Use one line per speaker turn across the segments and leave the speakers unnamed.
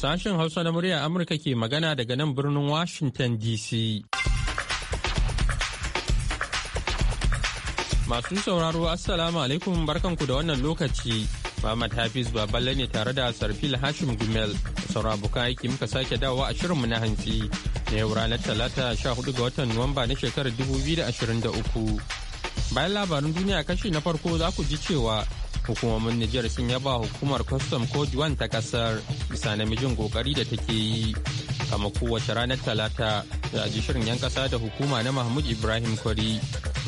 Sashen Hausa na murya Amurka ke magana daga nan birnin Washington DC. Masu sauraro Assalamu alaikum barkanku da wannan lokaci. Muhammad Hafiz Baballe ne tare da Sarfil Hashim Gumel saura buka aiki muka sake dawowa a shirinmu na hantsi na yau ranar talata 14 ga watan Nuwamba na shekarar 2023. Bayan labarin duniya kashi na farko za ku ji cewa hukumomin Nijar sun yaba hukumar ko juwan ta kasar bisa namijin kokari da take yi kama kowace ranar talata da ji shirin yan kasa da hukuma na Mahmud Ibrahim Kwari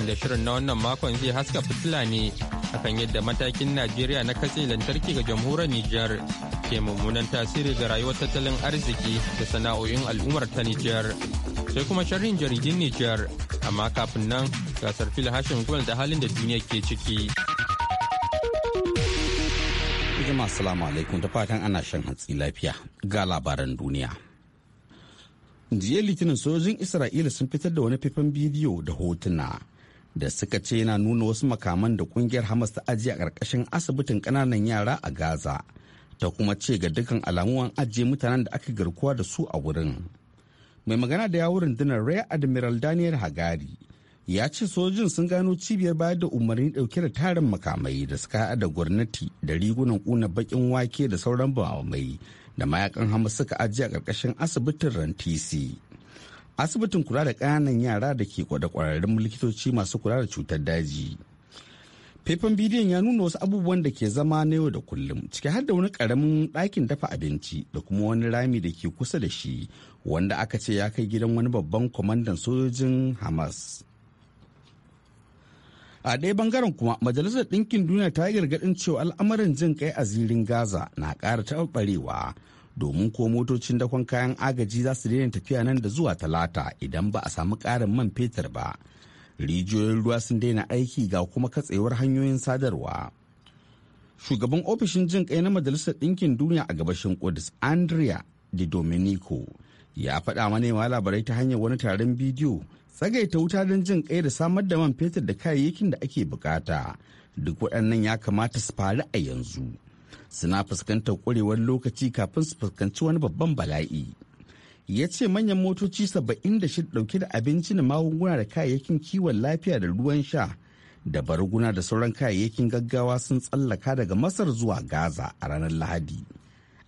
da shirin na wannan makon zai haska fitila ne akan yadda matakin Najeriya na katse lantarki ga jamhuriyar Nijar ke mummunan tasiri ga rayuwar tattalin arziki da sana'o'in al'ummar ta Nijar sai kuma sharhin jaridin Nijar amma kafin nan gasar fil hashin gwal da halin da duniya ke ciki. jama'a salamu alaikum
da fatan ana shan hatsi lafiya ga labaran duniya. Jiya litinin sojojin Isra'ila sun fitar da wani faifan bidiyo da hotuna da suka ce yana nuna wasu makaman da kungiyar Hamas ta ajiye a ƙarƙashin asibitin ƙananan yara a Gaza ta kuma ce ga dukkan alamu ajiye mutanen da aka garkuwa da su a wurin. Mai magana da yawun rundunar Rear Admiral Daniel Hagari ya ce sojin sun gano cibiyar bayar da umarni dauke da tarin makamai da suka haɗa da gwamnati da rigunan kuna bakin wake da sauran bawamai da mayakan hamas suka ajiye a ƙarƙashin asibitin rantisi asibitin kula da ƙananan yara da ke kwada ƙwararrun likitoci masu kula da cutar daji faifan bidiyon ya nuna wasu abubuwan da ke zama na yau da kullum ciki har da wani ƙaramin ɗakin dafa abinci da kuma wani rami da ke kusa da shi wanda aka ce ya kai gidan wani babban kwamandan sojojin hamas a ɗaya bangaren kuma majalisar ɗinkin duniya ta yi gargaɗin cewa al'amarin jin kai a zirin gaza na ƙara taɓarɓarewa domin ko motocin dakon kayan agaji za su daina tafiya nan da zuwa talata idan ba a samu ƙarin man fetur ba rijiyoyin ruwa sun daina aiki ga kuma katsewar hanyoyin sadarwa shugaban ofishin jin kai na majalisar ɗinkin duniya a gabashin kudus andrea di domenico ya faɗa manema labarai ta hanyar wani taron bidiyo tsagaita wuta don jin kai da samar da man fetur da kayayyakin da ake bukata duk waɗannan ya kamata su faru a yanzu suna fuskantar ƙwarewar lokaci kafin su fuskanci wani babban bala'i ya ce manyan motoci 76 ɗauke da abinci da magunguna da kayayyakin kiwon lafiya da ruwan sha da barguna da sauran kayayyakin gaggawa sun tsallaka daga masar zuwa gaza a ranar lahadi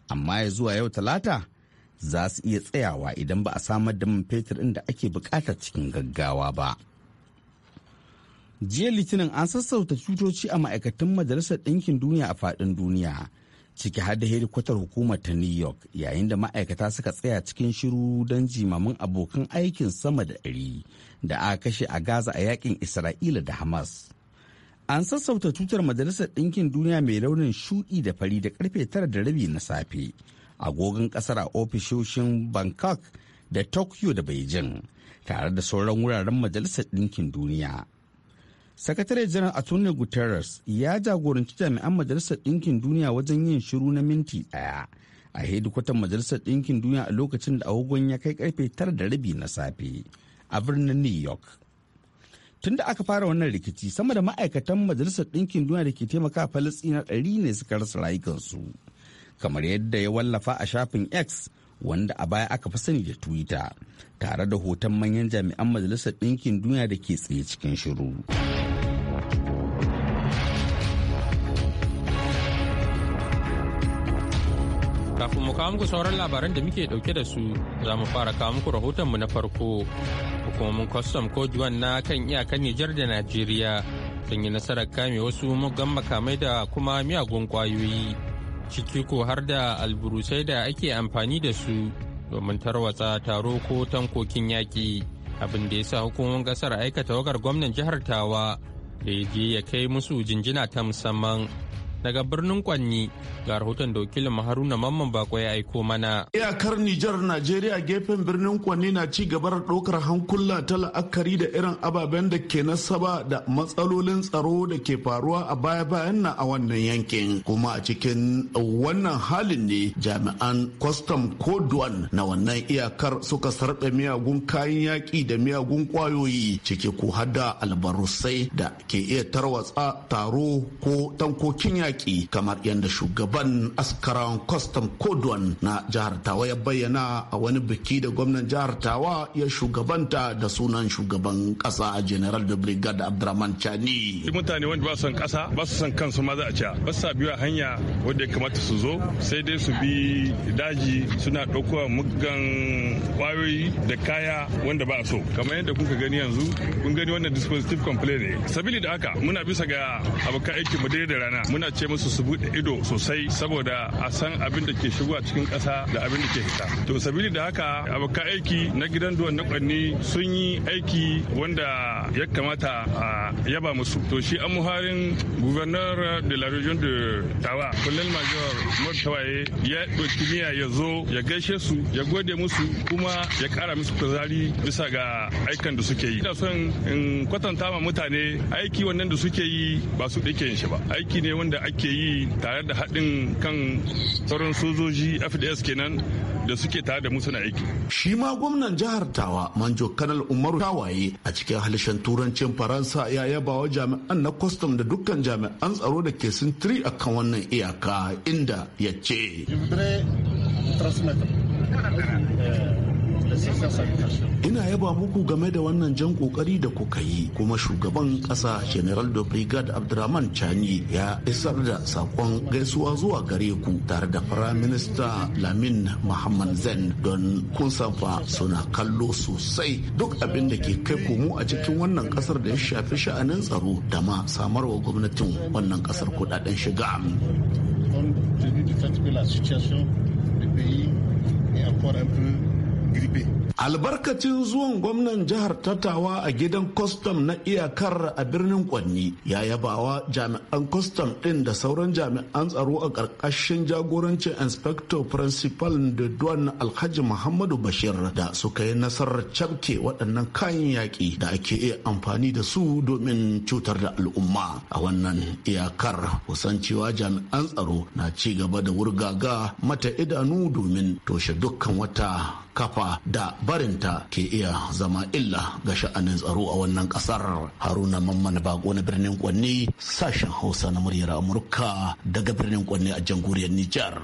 amma ya zuwa yau talata za su iya tsayawa idan ba a samar da man fetur inda ake bukata cikin gaggawa ba. Jiya Litinin an sassauta cutoci a ma'aikatan Majalisar Ɗinkin Duniya a faɗin duniya, ciki har da hedikwatar hukumar ta New York yayin da ma'aikata suka tsaya cikin shiru don jimamin abokan aikin sama da ɗari da aka kashe a Gaza a yakin Isra'ila da Hamas. An sassauta cutar Majalisar Ɗinkin Duniya mai launin shuɗi da fari da karfe tara da rabi na safe. agogon kasar a ofishoshin bangkok da tokyo da beijing tare da sauran wuraren majalisar ɗinkin duniya sakatare janar atone guterres ya jagoranci jami'an majalisar ɗinkin duniya wajen yin shiru na minti ɗaya a hedikwatar majalisar ɗinkin duniya a lokacin da agogon ya kai karfe tara da rabi na safe a birnin new york tun da aka fara wannan rikici sama da ma'aikatan majalisar ɗinkin duniya da ke taimaka falastina ɗari ne suka rasa rayukansu. kamar yadda ya wallafa a shafin X wanda a baya aka fi sani da Twitter tare da hoton manyan jami'an Majalisar Ɗinkin Duniya da ke tsaye cikin shiru.
Kafin mu kawo muku sauran labaran da muke dauke da su za mu fara kawo muku rahotonmu na farko. Hukumomin kwastam ko juwan na kan iyakan Nijar da Najeriya sun yi nasarar kame wasu muggan makamai da kuma miyagun kwayoyi. ciki ko har da alburusai da ake amfani da su domin tarwatsa taro ko tankokin yaƙi abin da ya sa hukumomin ƙasar aikata tawagar gwamnan jihar tawa da ya je ya kai musu jinjina ta musamman daga birnin Kwanni ga rahoton da wakilin Haruna Mamman Bako ya aiko mana.
Iyakar Nijar Najeriya gefen birnin Kwanni na ci gaba da ɗaukar hankula ta la'akari da irin ababen da ke nasaba da matsalolin tsaro da ke faruwa a baya-bayan na a wannan yankin. Kuma a cikin wannan halin ne jami'an kwastam ko duwan na wannan iyakar suka sarɓe miyagun kayan yaƙi da miyagun kwayoyi ciki ko hada albarusai da ke iya tarwatsa taro ko tankokin yaƙi yaƙi kamar yadda shugaban askaran kwastam kodwan na jihar tawa ya bayyana a wani biki da gwamnan jihar tawa ya shugabanta da sunan shugaban ƙasa general da brigade abdurrahman chani
mutane wanda ba su son ƙasa ba su son kansu ma za a ci ba su biyu hanya wanda ya kamata su zo sai dai su bi daji suna ɗaukowa muggan kwayoyi da kaya wanda ba so kamar yadda kuka gani yanzu kun gani wannan dispositive complaint ne sabili da haka muna bisa ga abokan aikin mu da rana muna ce ce musu su bude ido sosai saboda a san abin da ke shigo a cikin ƙasa da abin da ke fita to sabili da haka abokan aiki na gidan duwan na kwanni sun yi aiki wanda ya kamata a yaba musu to shi an muharin gouverneur de la region de tawa colonel major mod tawaye ya ɗauki niyya ya zo ya gaishe su ya gode musu kuma ya ƙara musu kuzari bisa ga aikan da suke yi ina son in kwatanta ma mutane aiki wannan da suke yi ba su ɗike shi ba aiki ne wanda ake yi tare da haɗin kan sauran sojoji fds kenan da suke tare da mu suna aiki
shi ma gwamnan jihar tawa manjo kanal umaru tawaye a cikin halishen turancin faransa ya yaba wa jami'an na kwastam da dukkan jami'an tsaro da ke sintiri kan wannan iyaka inda ya ce Ina yaba muku game da wannan jan kokari da kuka yi kuma shugaban kasa General da Brigade Abdurrahman Chani ya isar da sakon gaisuwa zuwa gare ku tare da Prime Minister Lamin Muhammad Zen don kun sanfa suna kallo sosai duk abin da ke kai komo a cikin wannan kasar da ya shafi sha'anin tsaro da ma samarwa gwamnatin wannan kasar kudaden shiga. girbe albarkacin zuwan gwamnan jihar tatawa a gidan kwastam na iyakar a birnin kwanni ya yabawa jami'an kwastam din da sauran jami'an tsaro a ƙarƙashin jagorancin inspector principal da duwan alhaji muhammadu bashir da suka yi nasarar cabke waɗannan kayan yaƙi da ake iya amfani da su domin cutar da al'umma a wannan iyakar kusan cewa jami'an tsaro na ci gaba da wurgaga mata idanu domin toshe dukkan wata kafa da barinta ke iya zama illa ga sha'anin tsaro a wannan kasar haruna mamman bako na birnin kwanni sashen hausa na muryar amurka daga birnin kwanni a jamhuriyar nijar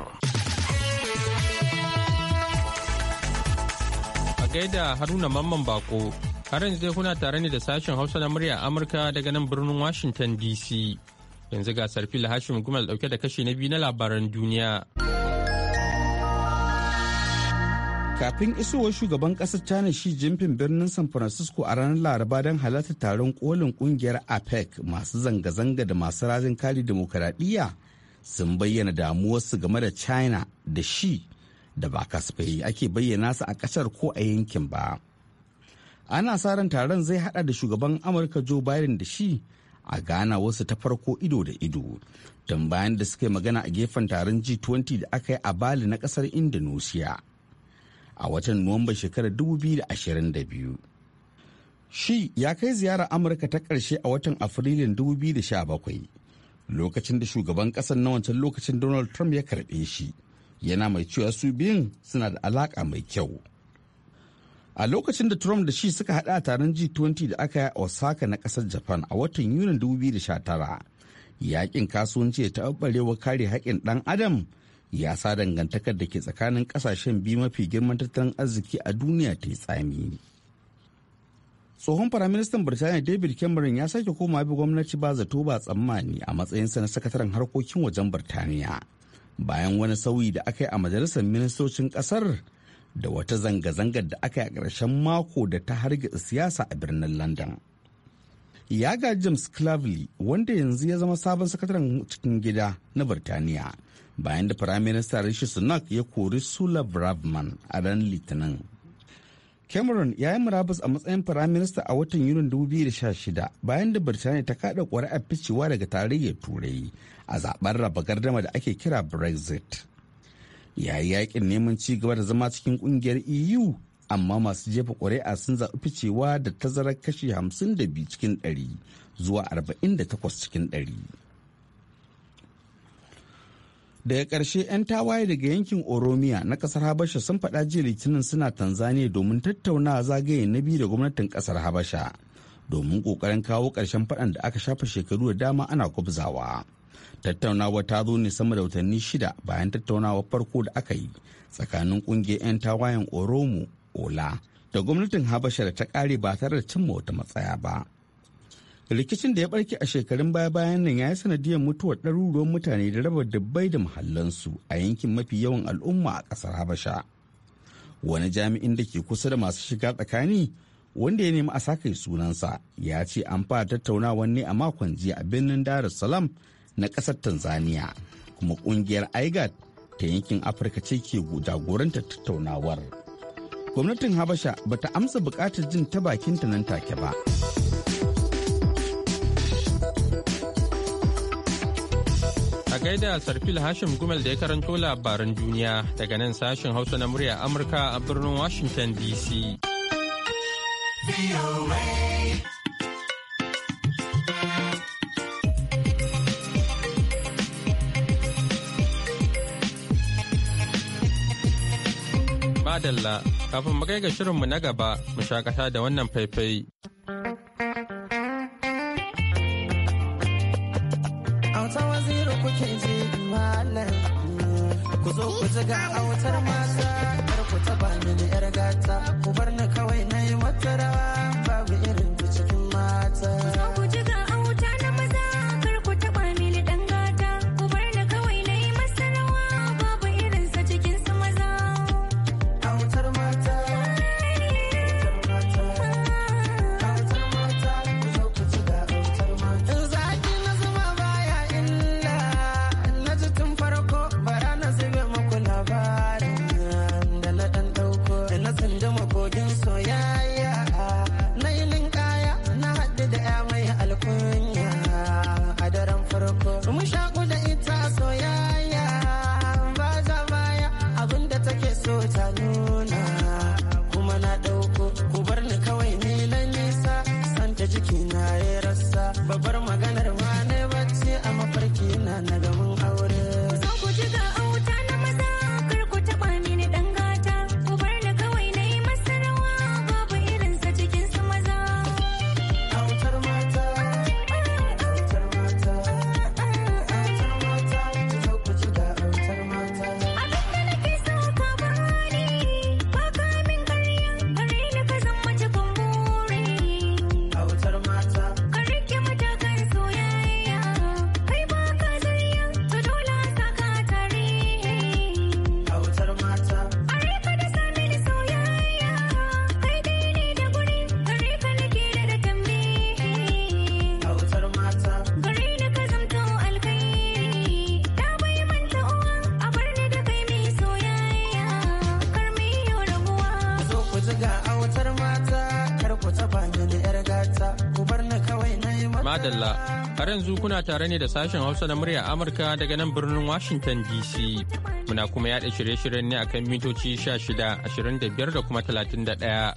a gaida haruna mamman bako har yanzu dai kuna tare ne da sashen hausa na muryar amurka daga nan birnin washington dc yanzu gasar fil hashim gumal dauke da kashi na biyu na labaran duniya. kafin
isowar shugaban kasar china shi jinping birnin san francisco a ranar laraba don halartar taron kolin kungiyar apec masu zanga-zanga da masu rajin kari demokaradiyya sun bayyana damuwarsu game da china da shi da ba kasfai ake bayyana su a kasar ko a yankin ba ana sa ran taron zai hada da shugaban amurka joe biden da shi a gana wasu ta farko ido da ido don bayan da suka yi magana a gefen taron g20 da aka yi a bali na kasar indonesia a watan Nuwamba shekarar 2022. Shi ya kai ziyara Amurka ta ƙarshe a watan Afrilun 2017 lokacin da shugaban ƙasar na wancan lokacin Donald Trump ya karɓe shi yana mai cewa su biyun suna da alaƙa mai kyau. A lokacin da Trump da shi suka haɗa a taron G20 da aka yi a Osaka na ƙasar Japan a watan Yunin 2019, yaƙin kasuwanci ta ɓarewa kare haƙƙin ɗan Adam ya sa dangantakar da ke tsakanin kasashen biyu mafi girman tattalin arziki a duniya ta yi tsami tsohon firaministan birtaniya david cameron ya sake koma bi gwamnati ba zato ba tsammani a matsayinsa na sakataren harkokin wajen birtaniya bayan wani sauyi da aka yi a majalisar ministocin kasar da wata zanga-zangar da aka yi a ƙarshen mako da ta hargitsa siyasa a birnin london ya ga James Cleverly wanda yanzu ya zama sabon sakataren cikin gida na Birtaniya bayan da Minister Rishi Sunak ya kori Sula Braverman a ran Litinin. Cameron ya yi murabus a matsayin Firaminista a watan Yunin 2016 bayan da Birtaniya ta kada ƙuri'ar ficewa daga tarayyar Turai a zaben raba gardama da ake kira Brexit. Yayi yakin neman ci gaba da zama cikin kungiyar EU amma masu jefa ƙuri'a sun zaɓi ficewa da tazarar kashi 52 cikin 100 zuwa 48 cikin 100. Daga ƙarshe 'yan tawaye daga yankin Oromiya na ƙasar Habasha sun faɗa jiya Litinin suna Tanzania domin tattaunawa zagaye na biyu da gwamnatin ƙasar Habasha domin ƙoƙarin kawo ƙarshen faɗan da aka shafa shekaru da dama ana kubzawa. tattaunawa ta zo ne sama da watanni shida bayan tattaunawa farko da aka yi tsakanin ƙungiyar 'yan tawayen oromo ola da gwamnatin habasha da ta kare ba tare da cimma wata matsaya ba rikicin da ya barke a shekarun baya-bayan nan ya yi sanadiyar mutuwar ɗaruruwan mutane da raba dabbai da muhallansu a yankin mafi yawan al'umma a ƙasar habasha wani jami'in da ke kusa da masu shiga tsakani wanda ya nemi a saka sunansa ya ce an fara tattaunawa ne a makon jiya a birnin dar es salaam na ƙasar tanzania kuma ƙungiyar igad ta yankin afirka ce ke jagorantar tattaunawar. gwamnatin habasha ba ta amsa bukatar jin ta bakinta nan take ba
a gaida sarfil hashim gumel da ya karanto labaran duniya daga nan sashen hausa na murya amurka a birnin washington dc Adalla kafin mu kai ga shirinmu na gaba mu shakata da wannan faifai.
Auta waziri kuke je malam ku zo ku ji ga autar mata kar ku taba mini yar gata ku bar ni kawai na yi mata rawa. It's
Adalla. har yanzu kuna tare ne da sashen hausa na murya amurka daga nan birnin washington dc muna kuma yada shirye-shiryen ne akan mitoci 16 25 da kuma 31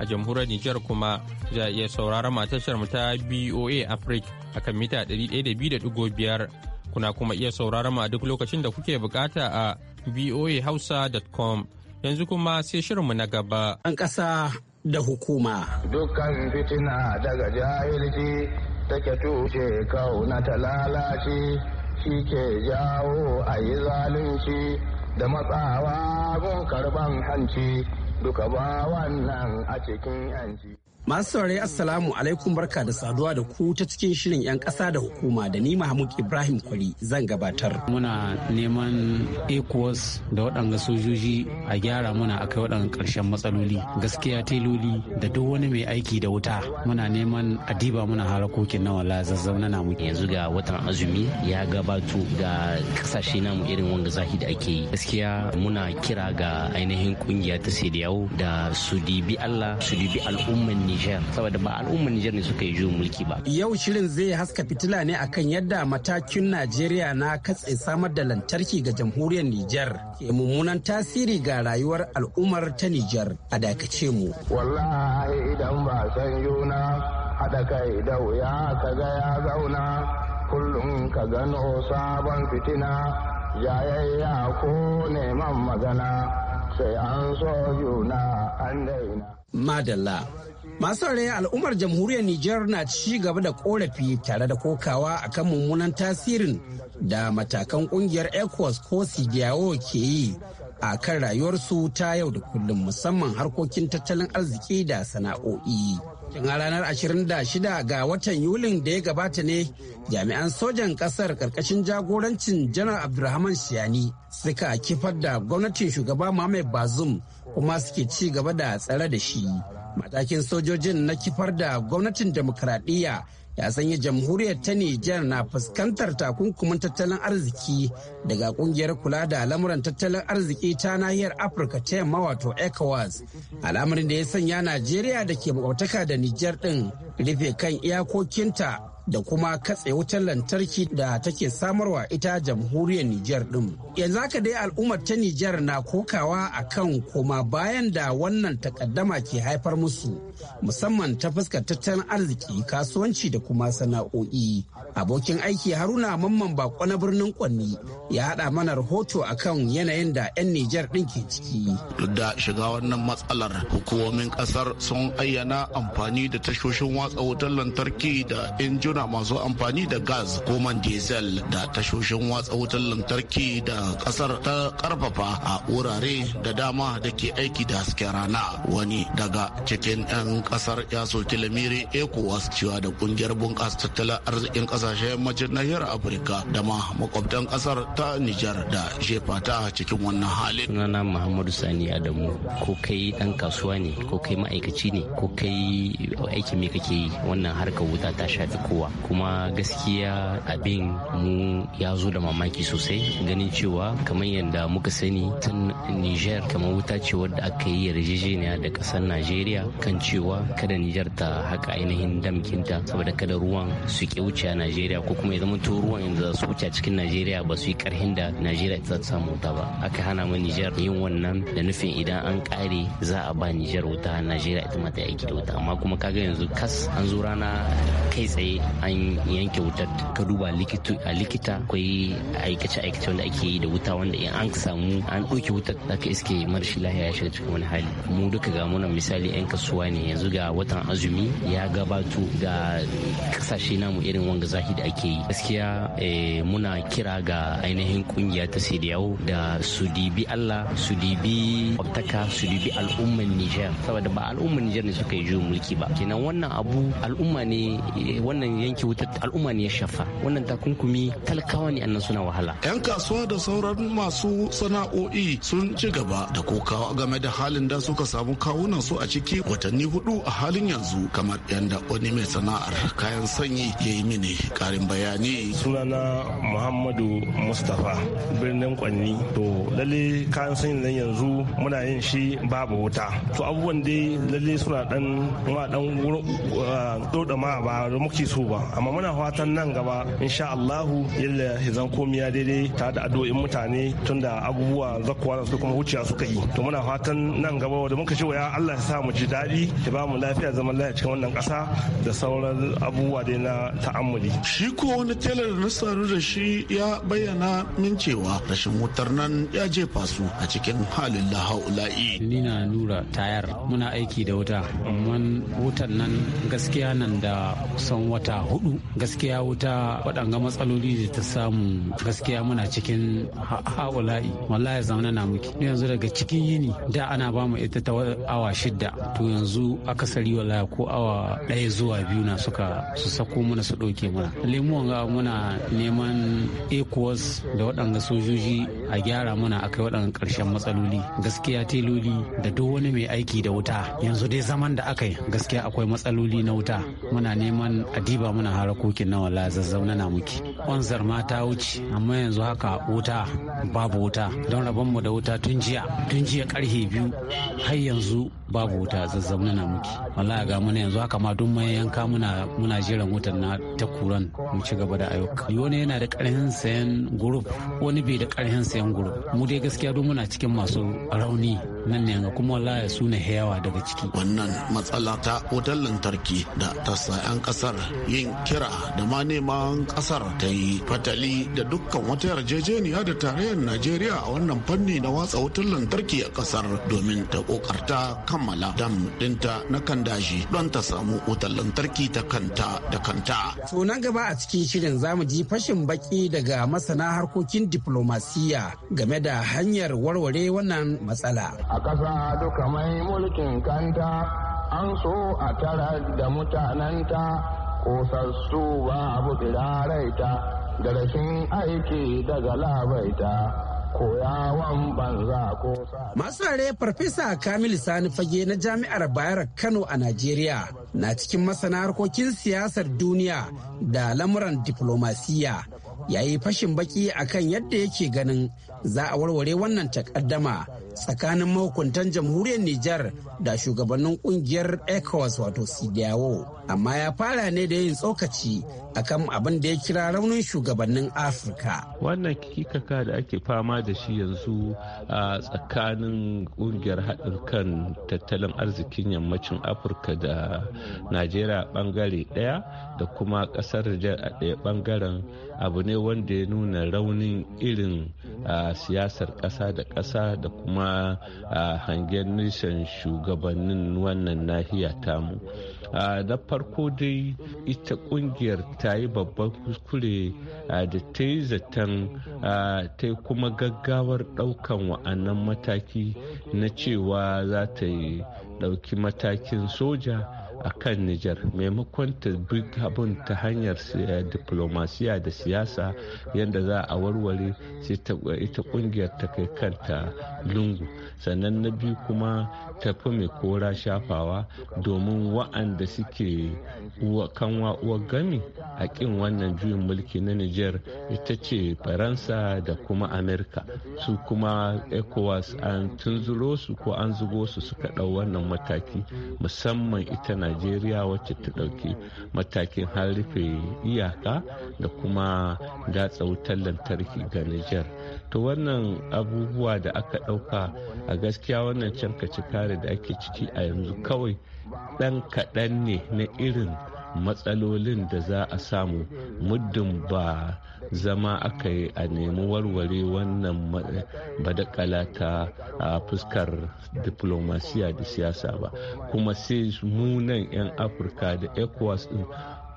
a jamhuriyar nijar kuma za a iya sauraron matashar mu ta boa africa akan mita 102.5 kuna kuma iya sauraron mu a duk lokacin da kuke bukata a boahausa.com yanzu kuma sai shirinmu na gaba. An ƙasa da hukuma.
Dukkan fitina daga jahilci take tushe kauna
ta lalace shi ke jawo a yi zalunci da matsawa gun karban hanci duka ba wannan a cikin
yanci. Masu saurari Assalamu alaikum barka da saduwa da ku ta cikin shirin 'yan ƙasa da hukuma da ni Mahmud Ibrahim Kwari zan gabatar.
Muna neman ECOWAS da waɗanga sojoji a gyara muna akai waɗanga ƙarshen matsaloli gaskiya teloli da duk wani mai aiki da wuta muna neman adiba muna harakokin na wala zazzauna namu. Yanzu
ga watan azumi ya gabato ga ƙasashe namu irin wanga zahi da ake yi. Gaskiya muna kira ga ainihin ƙungiya ta Sediyawo da su dibi Allah su dibi al'umman ne Nijar saboda ba al'ummar Nijar ne suka yi juyin mulki ba.
Yau shirin zai haska fitila ne akan yadda matakin Najeriya na katse samar da lantarki ga jamhuriyar Nijar ke mummunan tasiri ga rayuwar al'ummar ta Nijar a dakace mu.
Wallahi
idan ba san yuna haɗa kai da wuya ka ga ya zauna kullum ka gano sabon fitina jayayya ko neman magana sai an so yuna an daina. Madalla Masu rare al'ummar jamhuriyar Nijar na ci gaba da korafi tare da kokawa akan mummunan tasirin da matakan kungiyar Ecos ko CDAO ke yi a kan rayuwarsu ta yau da kullum musamman harkokin tattalin arziki da sana'o'i. ranar a ranar 26 ga watan Yulin da ya gabata ne jami'an sojan kasar karkashin jagorancin janar Abdulrahman Shiyani suka kifar da gwamnatin shugaba Mohamed Bazoum kuma suke ci gaba da tsare da shi. matakin sojojin na kifar da gwamnatin demokradiyya ya sanya jamhuriyar ta Nijar na fuskantar takunkumin tattalin arziki daga kungiyar kula da lamuran tattalin arziki ta nahiyar Afirka ta yamma wato ECOWAS. Al'amarin da ya sanya Najeriya da ke bautaka da Nijar ɗin rufe kan iyakokinta da kuma katse wutar lantarki da take samarwa ita jamhuriyar Nijar din Yanzu haka dai al'ummar ta Nijar na kokawa a kan koma bayan da wannan takaddama ke haifar musu musamman ta fuskar tattalin arziki kasuwanci da kuma sana'o'i. Abokin aiki Haruna Mamman Bako na birnin Kwanni ya haɗa mana rahoto a kan yanayin da 'yan Nijar din ke ciki.
Duk da shiga wannan matsalar hukumomin ƙasar sun ayyana amfani da tashoshin watsa wutar lantarki da injin yankuna masu amfani da gas ko man diesel da tashoshin watsa wutar lantarki da kasar ta karfafa a wurare da dama da ke aiki da hasken rana wani daga cikin 'yan kasar ya soki lamiri ecowas cewa da kungiyar bunkasa tattalin arzikin kasashen yammacin nahiyar afirka da ma makwabtan kasar ta nijar da jefa ta cikin wannan
halin sunana muhammadu sani adamu ko kai dan kasuwa ne ko kai ma'aikaci ne ko kai aiki me kake yi wannan harkar wuta ta shafi kowa yawa kuma gaskiya abin mu ya zo da mamaki sosai ganin cewa kamar yadda muka sani tun niger kamar wuta ce wadda aka yi yarjejeniya da kasar najeriya kan cewa kada niger ta haka ainihin damkinta saboda kada ruwan su ke wuce a nigeria ko kuma ya zama to ruwan yanzu su wuce cikin najeriya ba su yi karhin da nigeria ta samu ta ba aka hana mu niger yin wannan da nufin idan an kare za a ba niger wuta nigeria ita ma ta aiki da wuta amma kuma kaga yanzu kas an zo rana kai tsaye an yanke wutar ka duba a likita akwai aikace-aikace wanda ake yi da wuta wanda in an samu an ɗauke wutar zaka iske marashi lahiya ya shiga cikin wani hali mu duka ga muna misali 'yan kasuwa ne yanzu ga watan azumi ya gabato ga kasashe namu irin wanga zahi da ake yi gaskiya eh, muna kira ga ainihin kungiya ta sidiyawo da su dibi allah su dibi kwabtaka su dibi al'umman niger saboda ba al'umman Nijar ne suka yi juyin mulki ba kenan wannan abu al'umma ne eh, wannan yanki wutar al'umma ne ya shafa wannan takunkumi talakawa ne annan suna wahala
yan kasuwa da sauran masu sana'o'i sun ci gaba da kokawa game da halin da suka samu kawunan su a ciki watanni hudu a halin yanzu kamar yadda wani mai sana'ar kayan sanyi ya yi mini karin bayani sunana muhammadu mustapha birnin kwanni to lalle kayan sanyi nan yanzu muna yin shi babu wuta to abubuwan dai lalle suna dan ma dan uh, ma ba da muke so ba ba amma muna fatan nan gaba insha Allahu yalla hizan komiya daidai ta da addu'o'in mutane tunda abubuwa zakuwa da su kuma wuciya suka yi to muna fatan nan gaba da muka ce ya Allah ya sa mu ji daɗi ya ba mu lafiya zaman lafiya cikin wannan ƙasa da sauran abubuwa dai na ta'ammuli shi ko wani telar na saru da shi ya bayyana min cewa rashin wutar nan ya jefa su a cikin halin lahaula'i
ni nura tayar muna aiki da wuta amma wutan nan gaskiya nan da kusan wata hudu gaskiya wuta waɗanga matsaloli da ta samu gaskiya muna cikin haɓula'i wallahi zamana na muke yanzu daga cikin yini da ana ba mu ita ta awa shidda to yanzu akasari wallahi ko awa ɗaya zuwa biyu na suka su sako muna su ɗauke muna lemuwan ga muna neman ekuwas da waɗanga sojoji a gyara muna akai waɗanga ƙarshen matsaloli gaskiya teloli da duk wani mai aiki da wuta yanzu dai zaman da aka yi gaskiya akwai matsaloli na wuta muna neman adiba zuwa muna harakokin na wala zazzauna na muke onzar ma ta wuce amma yanzu haka wuta babu wuta don rabon mu da wuta tun jiya tun jiya karhe biyu har yanzu babu wuta zazzauna na muke wallahi ga muna yanzu haka ma duk mai yanka muna muna jiran wutan na ta kuran mu ci gaba da ayyuka wani yana da karhin sayan gurup wani bai da karhin sayan gurup mu dai gaskiya duk muna cikin masu rauni nan ne ga kuma wala ya sune yawa daga ciki
wannan matsala ta wutar lantarki da ta sa 'yan kasar yin kira da ma neman kasar ta yi fatali da dukkan wata yarjejeniya da tarayyar najeriya a wannan fanni na watsa wutar lantarki a kasar domin ta kokarta kammala dam dinta na kan daji don ta samu wutar lantarki ta kanta da kanta
to nan gaba a cikin shirin zamu ji fashin baki daga masana harkokin diplomasiya game da hanyar warware wannan matsala a ƙasa duka mai mulkin kanta an so a tara da mutananta kosassu ba abu ta da rashin aiki daga labaita koyawan banza ko sa Masare Farfesa Kamil Sani Fage na Jami'ar Bayar Kano a Najeriya na cikin masana harkokin siyasar duniya da lamuran diplomasiya ya yi fashin baki akan yadda yake ganin za a warware wannan takaddama tsakanin mahukuntan jamhuriyar Nijar da shugabannin kungiyar ECOWAS wato CDAO. Amma ya fara ne da yin tsokaci akan abin da ya kira raunin shugabannin Afirka.
Wannan kikaka da ake fama da shi yanzu a tsakanin kungiyar haɗin kan tattalin arzikin yammacin Afirka da Najeriya bangare ɗaya da kuma ƙasar Nijar a ɗaya bangaren abu ne wanda ya nuna raunin irin siyasar ƙasa da ƙasa da kuma hangen nisan shugabannin wannan nahiya tamu na farko dai ita kungiyar ta yi babban kuskure da ta yi zaton ta kuma gaggawar ɗaukan wa'annan mataki na cewa za ta yi ɗauki matakin soja a kan Nijar maimakon ta bi abun ta hanyar eh, diplomasiya da siyasa yadda za a warware sai eh, ita kungiyar ta kai kanta lungu sannan na biyu kuma tafi mai kora shafawa domin wa'anda suke kanwa uwa gami a kin wannan juyin mulki na Nijar ita ce Faransa da kuma Amerika su kuma ECOWAS an tunzuro su ko an zugo su suka dau wannan mataki musamman ita na najeriya wacce ta ɗauki matakin har rufe iyaka da kuma datsa wutar lantarki ga niger to wannan abubuwa da aka ɗauka a gaskiya wannan can kare da ake ciki a yanzu kawai ɗan kaɗan ne na irin matsalolin da za a samu muddin ba zama aka yi a nemi warware wannan badakala ta fuskar diplomasiya da siyasa ba kuma sai munan 'yan afirka da ecowas din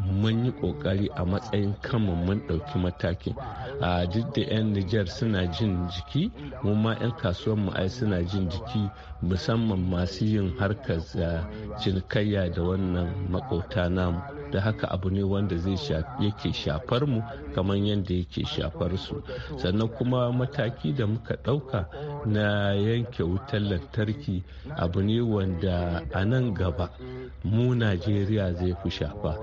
mun yi kokari a matsayin kanmu mun ɗauki matakin a duk da 'yan niger suna jin jiki mu ma 'yan kasuwan mu ai suna jin jiki musamman masu yin harkar cinikayya da wannan makota namu da haka abu ne wanda zai yake shafar mu kamar yadda yake shafar su sannan kuma mataki da muka ɗauka na yanke wutar lantarki abu ne wanda a nan gaba mu najeriya zai fi shafa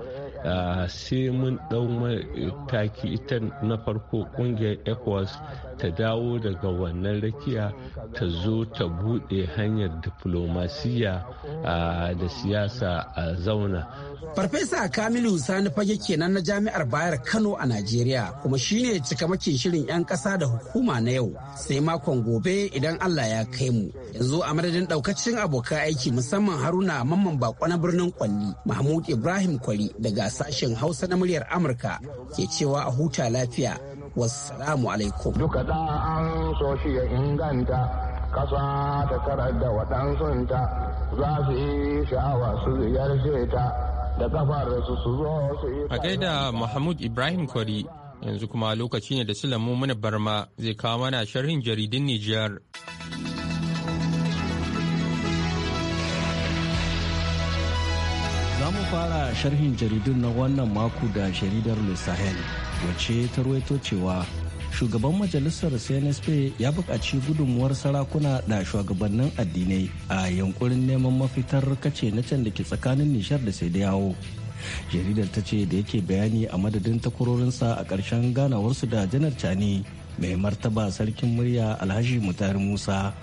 Ah, sai mun ɗau mataki ita na farko ƙungiyar ecowas ta dawo daga wannan rakiya ta zo ta buɗe hanyar diplomasiya ah, da siyasa a zauna
Farfesa Kamilu Sani fage kenan na Jami'ar Bayar Kano a Najeriya kuma shine cikamakin shirin 'yan ƙasa da hukuma na yau sai makon gobe idan Allah ya kai mu. Yanzu a madadin ɗaukacin abokan aiki musamman Haruna Mamman Bako na birnin Kwalli Mahmud Ibrahim Kwali daga sashen Hausa na muryar Amurka ke cewa a huta lafiya. Wassalamu alaikum. Duka ɗan an so shi ya inganta kasa ta karar da waɗansunta za su yi sha'awa su
ziyarce ta. da A
gaida Mahmud Ibrahim Kwari yanzu kuma lokaci ne da Sulamu mana barma zai kawo mana sharhin jaridun Nijar.
Za mu fara sharhin jaridun na wannan mako da jaridar Le Sahel wacce ta ruwaito cewa shugaban majalisar cnsp ya buƙaci gudunmuwar sarakuna da shugabannin addinai a yankurin neman mafitar kace na can da ke tsakanin nishar da sai da yawo jaridar ta ce da yake bayani a madadin takwarorinsa a ƙarshen ganawarsu da janar cani mai martaba sarkin murya alhaji mutari musa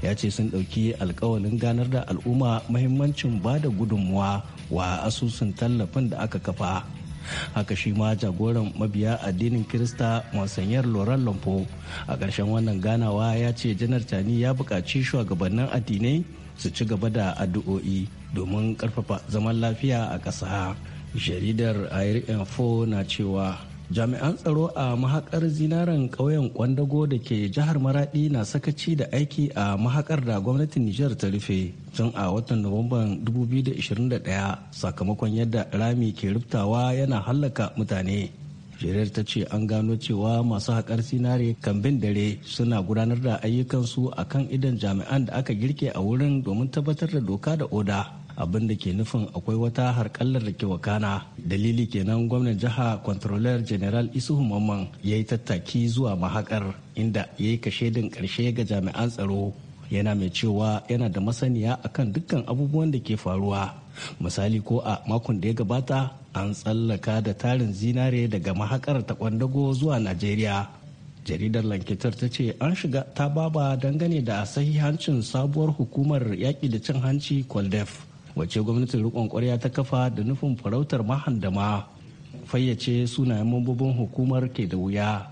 ya ce sun ɗauki alkawalin ganar da al'umma mahimmancin ba da gudunmuwa wa asusun tallafin da aka kafa haka shi ma jagoran mabiya addinin kirista monsignor loran lampo a ƙarshen wannan ganawa ya ce janar tani ya buƙaci shugabannin addinai su ci gaba da addu'o'i domin ƙarfafa zaman lafiya a ƙasa jaridar air info na cewa jami'an tsaro a mahakar zinaren ƙauyen kwandago da ke jihar maradi na sakaci da aiki a mahakar da gwamnatin nijar ta rufe tun a watan nuwamban 2021 sakamakon yadda rami ke ruftawa yana hallaka mutane jirar ta ce an gano cewa masu haƙar sinare kan bin dare suna gudanar da ayyukansu a kan idan jami'an da aka girke a wurin domin tabbatar da doka da oda abin da ke nufin akwai wata harkallar da ke wakana dalili kenan gwamnan jiha controller general isuhu mamman ya yi tattaki zuwa mahakar inda ya yi kashedin karshe ga jami'an tsaro yana mai cewa yana da masaniya akan dukkan abubuwan da ke faruwa misali ko a makon da ya gabata an tsallaka da tarin zinare daga mahakar ta kwandago zuwa najeriya jaridar lankitar ta ce an shiga ta baba dangane da sahihancin sabuwar hukumar yaƙi da cin hanci kwaldef wace gwamnatin rikon kwarya ta kafa da nufin farautar mahandama fayyace sunayen mambobin hukumar ke da wuya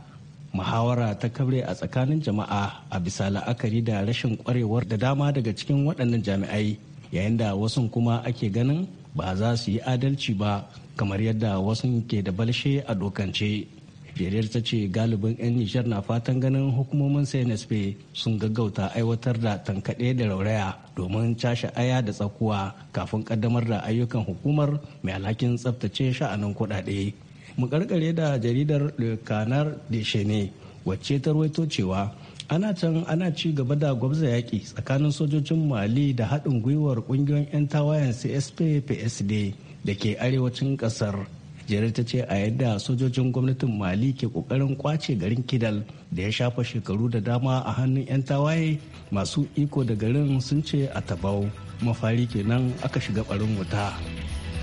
muhawara ta kabre a tsakanin jama'a a bisa la'akari da rashin kwarewar da dama daga cikin waɗannan jami'ai yayin da wasu kuma ake ganin ba za su yi adalci ba kamar yadda wasu ke da balshe a dokance jeriyar ta ce galibin 'yan nishar na fatan ganin hukumomin cnsp sun gaggauta aiwatar da tankaɗe da rauraya domin cashe aya da tsakuwa kafin kaddamar da ayyukan hukumar mai alhakin tsabtace sha'anin kuɗaɗe mu karkare da jaridar le da de wacce ta ruwaito cewa ana can ana ci gaba da gwabza yaƙi tsakanin sojojin mali da haɗin gwiwar ƙungiyoyin 'yan tawayen csp psd da ke arewacin ƙasar jere ta ce a yadda sojojin gwamnatin mali ke kokarin kwace garin kidal da ya shafa shekaru da dama a hannun 'yan tawaye masu iko da garin sun ce a tabau mafari kenan aka shiga barin wuta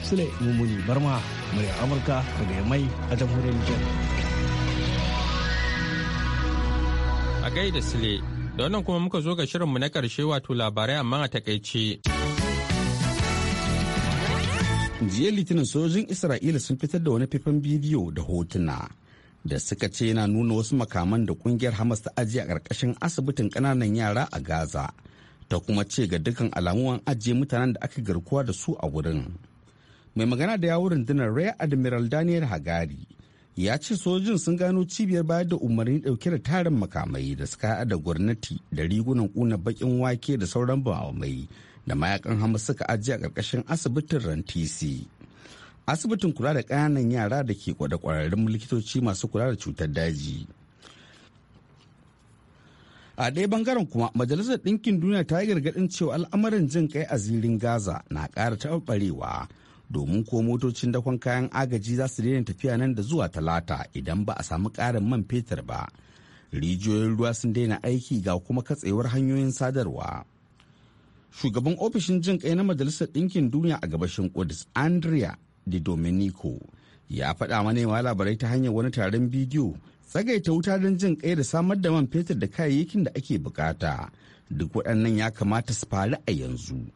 sule mummuni barma murya amurka daga mai a jamhuriyar nijar
a gaida sule da wannan kuma muka zo ga shirinmu na karshe wato labarai amma a takaice
jiya litinin sojin isra'ila sun fitar da wani faifan bidiyo da hotuna da suka ce yana nuna wasu makaman da kungiyar hamas ta ajiye a ƙarƙashin asibitin ƙananan yara a gaza ta kuma ce ga dukkan alamu ajiye mutanen da aka garkuwa da su a wurin mai magana da yawon rundunar rear admiral daniel hagari ya ce sojin sun gano cibiyar bayar da umarni ɗauke da tarin makamai da suka da gwamnati da rigunan kuna bakin wake da sauran bamamai da mayakan hamas suka ajiye a ƙarƙashin asibitin rantisi asibitin kula da ƙananan yara da ke da ƙwararrun likitoci masu kula da cutar daji a ɗaya bangaren kuma majalisar ɗinkin duniya ta yi gargaɗin cewa al'amarin jin kai a zirin gaza na ƙara taɓarɓarewa domin ko motocin dakon kayan agaji za su daina tafiya nan da zuwa talata idan ba a samu ƙarin man fetur ba rijiyoyin ruwa sun daina aiki ga kuma katsewar hanyoyin sadarwa shugaban ofishin jin kai na majalisar ɗinkin duniya a gabashin kudus andrea de domenico ya faɗa manema labarai ta hanyar wani taron bidiyo tsagaita wuta don jin kai da samar da man fetur da kayayyakin da ake bukata duk waɗannan ya kamata su faru a yanzu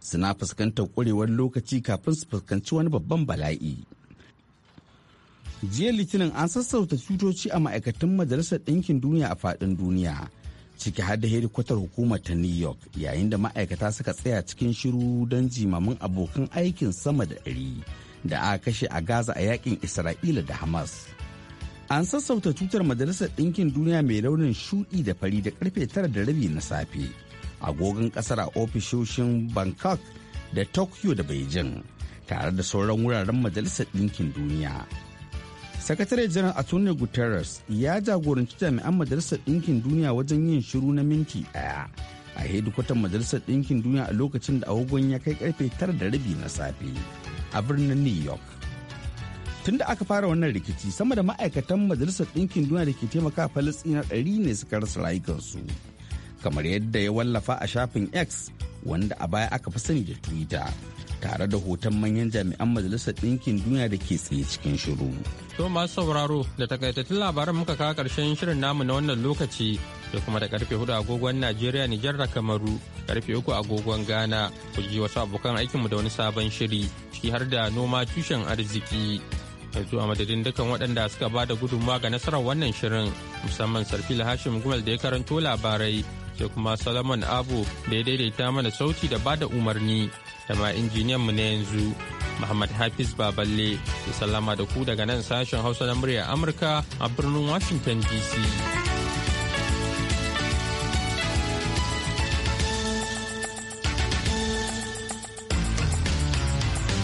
suna fuskantar ƙwarewar lokaci kafin su fuskanci wani babban bala'i jiya litinin an sassauta cutoci a ma'aikatan majalisar ɗinkin duniya a faɗin duniya ciki har da hedikwatar hukumar ta new york yayin da ma'aikata suka tsaya cikin shiru don jimamin abokan aikin sama da ɗari da aka kashe a gaza a yakin isra'ila da hamas an sassauta tutar majalisar ɗinkin duniya mai launin shuɗi da fari da karfe tara da rabi na safe agogon ƙasar a ofishoshin bangkok da tokyo da beijing tare da sauran wuraren majalisar ɗinkin duniya sakatare janar Atone guterres ya jagoranci jami'an majalisar ɗinkin duniya wajen yin shiru na minti ɗaya a hedikwatar majalisar ɗinkin duniya a lokacin da agogon ya kai karfe tara da rabi na safe a birnin new york Tunda aka fara wannan rikici sama da ma'aikatan majalisar ɗinkin duniya da ke taimaka falistina ɗari ne suka rasa rayukansu kamar yadda ya wallafa a shafin x wanda a baya aka fi sani da twitter tare da hoton manyan jami'an majalisar ɗinkin duniya da ke tsaye cikin shiru.
to masu sauraro da takaitattun labaran muka kawo karshen shirin namu na wannan lokaci da kuma da karfe hudu agogon najeriya niger da kamaru karfe uku agogon ghana ku ji wasu abokan aikinmu da wani sabon shiri ciki har da noma tushen arziki yanzu a madadin dukkan waɗanda suka ba da gudunmawa ga nasarar wannan shirin musamman sarfil hashim gumal da ya karanto labarai sai kuma Solomon Abu da ya daidaita mana sauti da bada umarni da ma injiniyan mu na yanzu Muhammad Hafiz Baballe da salama da ku daga nan sashen Hausa na murya Amurka a birnin Washington DC.